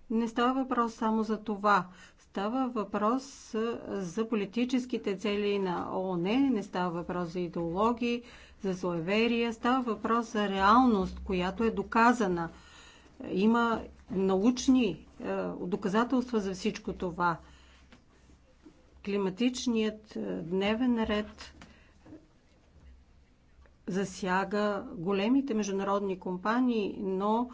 не става въпрос само за това. Става въпрос за политическите цели на ООН, не става въпрос за идеологии, за злоеверия, става въпрос за реалност, която е доказана. Има научни доказателства за всичко това – климатичният е, дневен ред засяга големите международни компании, но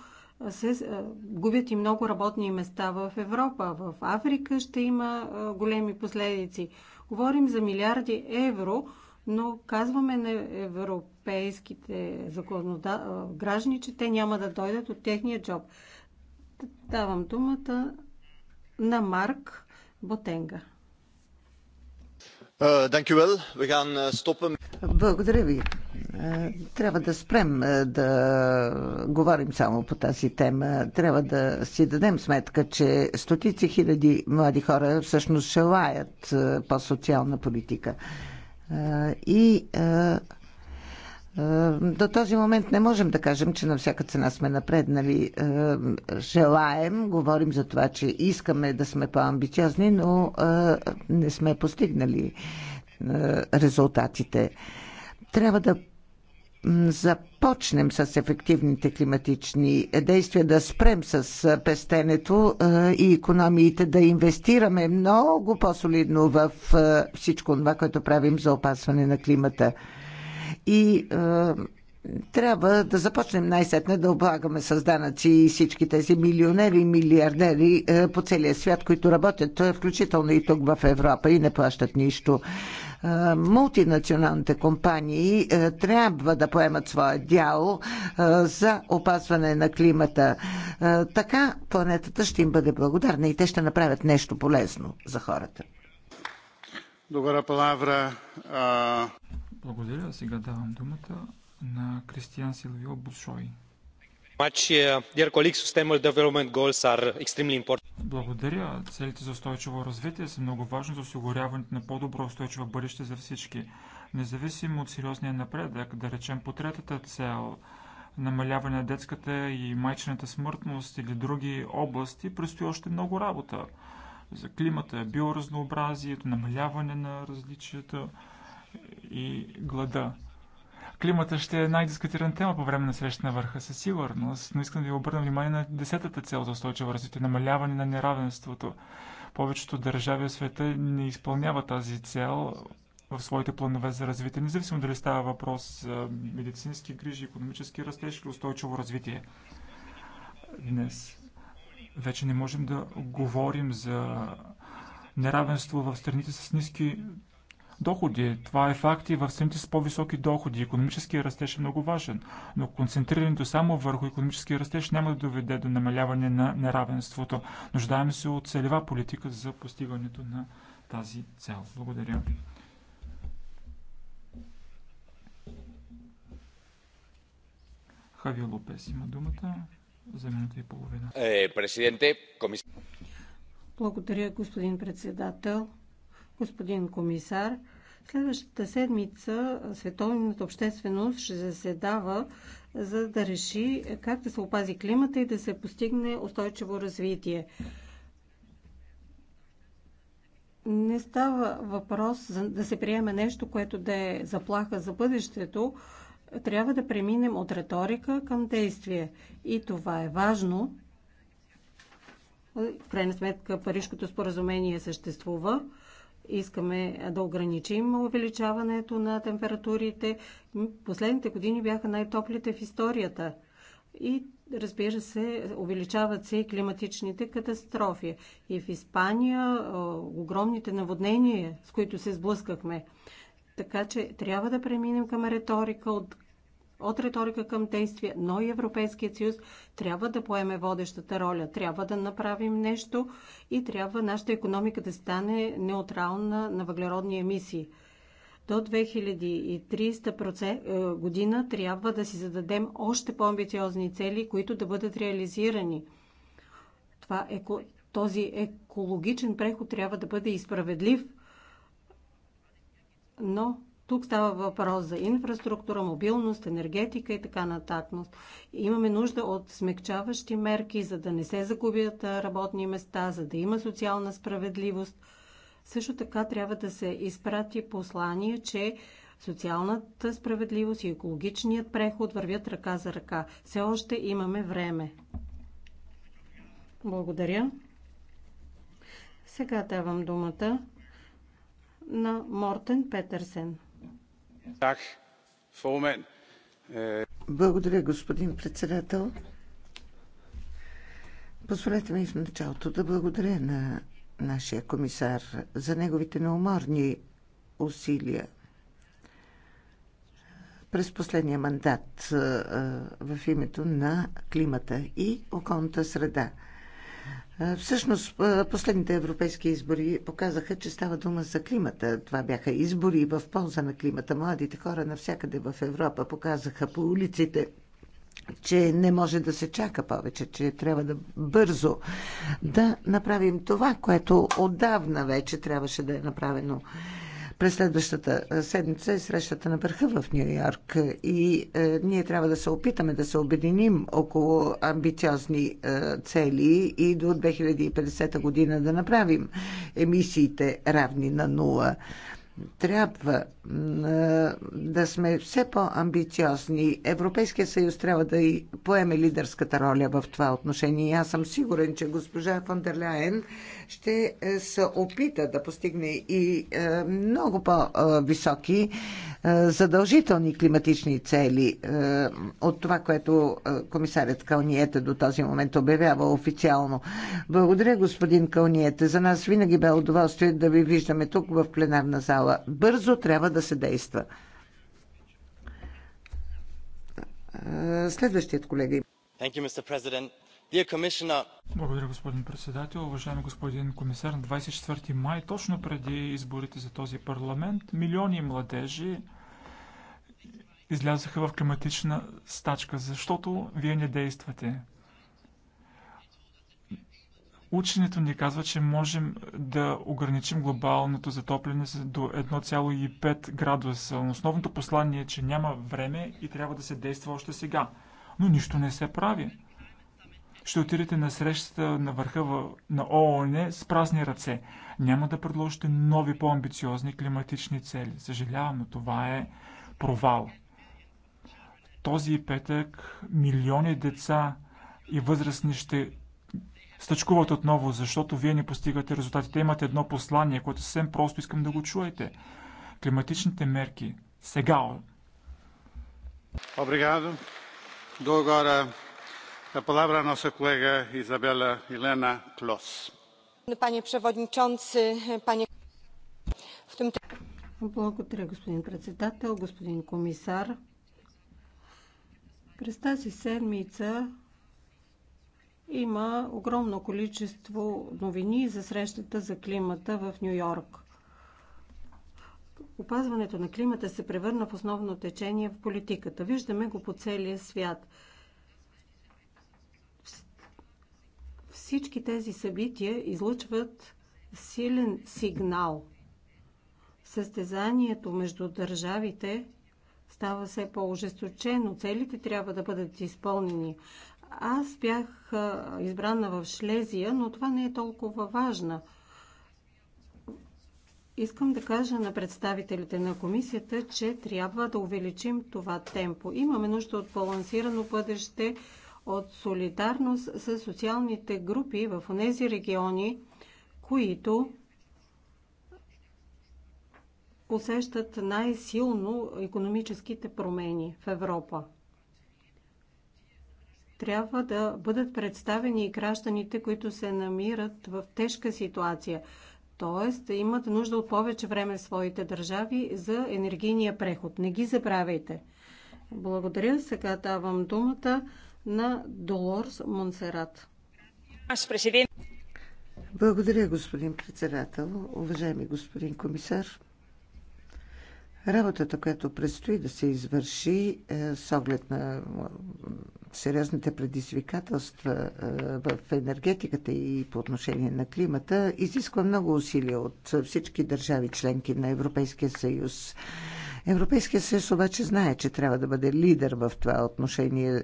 е, се е, губят и много работни места в Европа. В Африка ще има големи последици. Говорим за милиарди евро, но казваме на европейските законода... граждани, че те няма да дойдат от техния джоб. Давам думата на Марк Ботенга. Eh, eh, Благодаря ви. Е, трябва да спрем е, да говорим само по тази тема. Трябва да си дадем сметка, че стотици хиляди млади хора всъщност желаят е, по-социална политика. И е, до този момент не можем да кажем, че на всяка цена сме напреднали. Е, желаем, говорим за това, че искаме да сме по-амбициозни, но е, не сме постигнали резултатите. Трябва да започнем с ефективните климатични действия, да спрем с пестенето и економиите, да инвестираме много по-солидно в всичко това, което правим за опасване на климата и е, трябва да започнем най-сетне да облагаме с данъци и всички тези милионери и милиардери е, по целия свят, които работят, е, включително и тук в Европа и не плащат нищо. Мултинационалните компании трябва да поемат своя дял за опазване на климата. Така планетата ще им бъде благодарна и те ще направят нещо полезно за хората. Добра палавра. Благодаря. Сега давам думата на Кристиан Силвио Бушой. Uh, Благодаря. Целите за устойчиво развитие са много важни за осигуряването на по-добро устойчиво бъдеще за всички. Независимо от сериозния напредък, да речем по третата цел намаляване на детската и майчената смъртност или други области, предстои още много работа за климата, биоразнообразието, намаляване на различията и глада. Климата ще е най-дискутирана тема по време на среща на върха със сигурност, но искам да ви обърна внимание на десетата цел за устойчиво развитие – намаляване на неравенството. Повечето държави в света не изпълняват тази цел в своите планове за развитие, независимо дали става въпрос за медицински грижи, економически растеж или устойчиво развитие. Днес вече не можем да говорим за неравенство в страните с ниски доходи. Това е факт и в страните с по-високи доходи. Економическия растеж е много важен, но концентрирането само върху економическия растеж няма да доведе до намаляване на неравенството. Нуждаем се от целева политика за постигането на тази цел. Благодаря. Хави Лопес има думата за минута и половина. Е, президенте, комисия. Благодаря, господин председател. Господин комисар, следващата седмица световната общественост ще заседава за да реши как да се опази климата и да се постигне устойчиво развитие. Не става въпрос за да се приеме нещо, което да е заплаха за бъдещето. Трябва да преминем от риторика към действие. И това е важно. В крайна сметка Парижкото споразумение съществува. Искаме да ограничим увеличаването на температурите. Последните години бяха най-топлите в историята. И разбира се, увеличават се и климатичните катастрофи. И в Испания огромните наводнения, с които се сблъскахме. Така че трябва да преминем към риторика от от риторика към действие, но и Европейският съюз трябва да поеме водещата роля. Трябва да направим нещо и трябва нашата економика да стане неутрална на въглеродни емисии. До 2030 е, година трябва да си зададем още по-амбициозни цели, които да бъдат реализирани. Това еко, този екологичен преход трябва да бъде и справедлив, но тук става въпрос за инфраструктура, мобилност, енергетика и така нататък. Имаме нужда от смягчаващи мерки, за да не се загубят работни места, за да има социална справедливост. Също така трябва да се изпрати послание, че социалната справедливост и екологичният преход вървят ръка за ръка. Все още имаме време. Благодаря. Сега давам думата на Мортен Петърсен. Благодаря, господин председател. Позволете ми в началото да благодаря на нашия комисар за неговите неуморни усилия през последния мандат в името на климата и околната среда. Всъщност, последните европейски избори показаха, че става дума за климата. Това бяха избори в полза на климата. Младите хора навсякъде в Европа показаха по улиците, че не може да се чака повече, че трябва да бързо да направим това, което отдавна вече трябваше да е направено. През следващата седмица е срещата на върха в Нью Йорк и е, ние трябва да се опитаме да се обединим около амбициозни е, цели и до 2050 година да направим емисиите равни на нула трябва да сме все по-амбициозни. Европейския съюз трябва да и поеме лидерската роля в това отношение. И аз съм сигурен, че госпожа фон ще се опита да постигне и много по-високи е, задължителни климатични цели е, от това, което е, комисарят Кълниете до този момент обявява официално. Благодаря, господин Кълниете. За нас винаги бе удоволствие да ви виждаме тук в пленарна зала. Бързо трябва да се действа. Следващият колега Thank you, Mr. President. Благодаря, господин председател. Уважаеми господин комисар, на 24 май, точно преди изборите за този парламент, милиони младежи излязаха в климатична стачка, защото вие не действате. Ученето ни казва, че можем да ограничим глобалното затопляне до 1,5 градуса. Основното послание е, че няма време и трябва да се действа още сега. Но нищо не се прави ще отидете на срещата на върха на ООН с празни ръце. Няма да предложите нови по-амбициозни климатични цели. Съжалявам, но това е провал. Този петък милиони деца и възрастни ще стъчкуват отново, защото вие не постигате резултатите. Имате едно послание, което съвсем просто искам да го чуете. Климатичните мерки сега. Obrigado. Panie przewodniczący, Благодаря, господин председател, господин комисар. През тази седмица има огромно количество новини за срещата за климата в Нью Йорк. Опазването на климата се превърна в основно течение в политиката. Виждаме го по целия свят. Всички тези събития излъчват силен сигнал. Състезанието между държавите става все по-ожесточено. Целите трябва да бъдат изпълнени. Аз бях избрана в Шлезия, но това не е толкова важно. Искам да кажа на представителите на комисията, че трябва да увеличим това темпо. Имаме нужда от балансирано бъдеще от солидарност с социалните групи в тези региони, които усещат най-силно економическите промени в Европа. Трябва да бъдат представени и гражданите, които се намират в тежка ситуация, т.е. имат нужда от повече време в своите държави за енергийния преход. Не ги забравяйте. Благодаря. Сега давам думата на Долорс Монсерат. Благодаря, господин председател, уважаеми господин комисар. Работата, която предстои да се извърши е, с оглед на сериозните предизвикателства е, в енергетиката и по отношение на климата, изисква много усилия от всички държави членки на Европейския съюз. Европейския съюз обаче знае, че трябва да бъде лидер в това отношение. Е,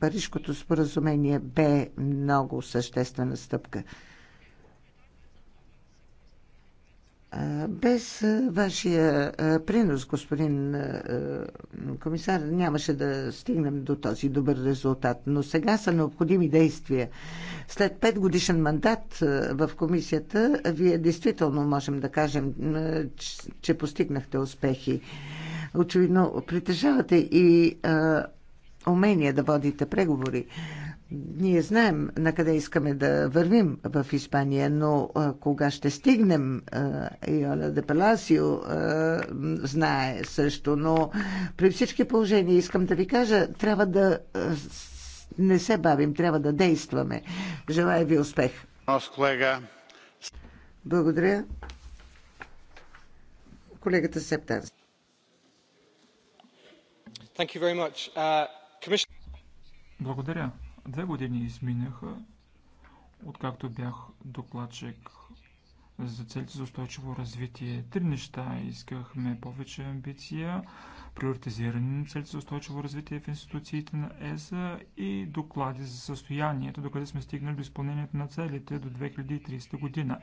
Парижкото споразумение бе много съществена стъпка. Без вашия принос, господин комисар, нямаше да стигнем до този добър резултат, но сега са необходими действия. След пет годишен мандат в комисията, вие действително можем да кажем, че постигнахте успехи. Очевидно, притежавате и умения да водите преговори. Ние знаем на къде искаме да вървим в Испания, но а, кога ще стигнем, а, Иона де Паласио а, знае също, но при всички положения искам да ви кажа, трябва да а, не се бавим, трябва да действаме. Желая ви успех. Благодаря. Колегата Септанс. Uh, Благодаря. Две години изминаха, откакто бях докладчик за целите за устойчиво развитие. Три неща искахме повече амбиция, приоритизиране на целите за устойчиво развитие в институциите на ЕСА и доклади за състоянието, докъде сме стигнали до изпълнението на целите до 2030 година.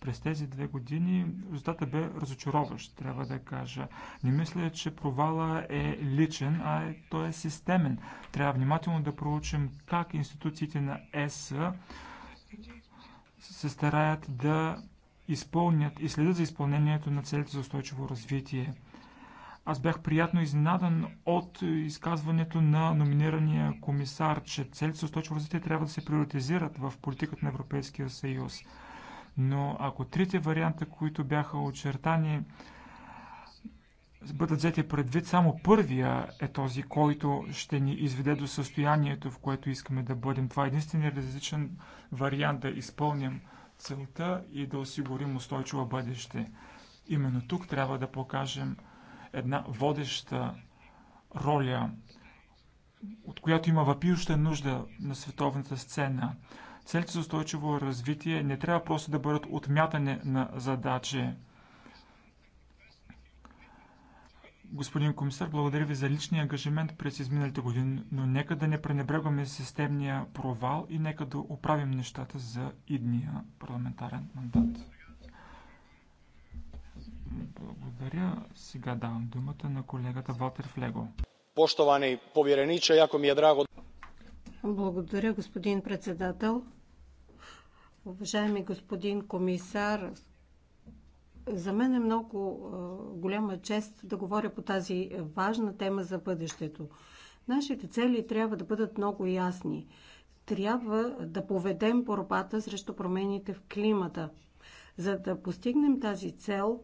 През тези две години резултатът бе разочароващ, трябва да кажа. Не мисля, че провала е личен, а е, той е системен. Трябва внимателно да проучим как институциите на ЕСА се стараят да изпълнят и следят за изпълнението на целите за устойчиво развитие. Аз бях приятно изненадан от изказването на номинирания комисар, че целите за устойчиво развитие трябва да се приоритизират в политиката на Европейския съюз. Но ако трите варианта, които бяха очертани, бъдат взети предвид, само първия е този, който ще ни изведе до състоянието, в което искаме да бъдем. Това е единствения различен вариант да изпълним целта и да осигурим устойчиво бъдеще. Именно тук трябва да покажем – една водеща роля, от която има въпиюща нужда на световната сцена. Целите за устойчиво развитие не трябва просто да бъдат отмятане на задачи. Господин комисар, благодаря ви за личния ангажимент през изминалите години, но нека да не пренебрегваме системния провал и нека да оправим нещата за идния парламентарен мандат. Благодаря. Сега давам думата на колегата Валтер Флего. Поштовани поверениче, яко ми е драго. Благодаря, господин председател. Уважаеми господин комисар, за мен е много голяма чест да говоря по тази важна тема за бъдещето. Нашите цели трябва да бъдат много ясни. Трябва да поведем борбата срещу промените в климата. За да постигнем тази цел,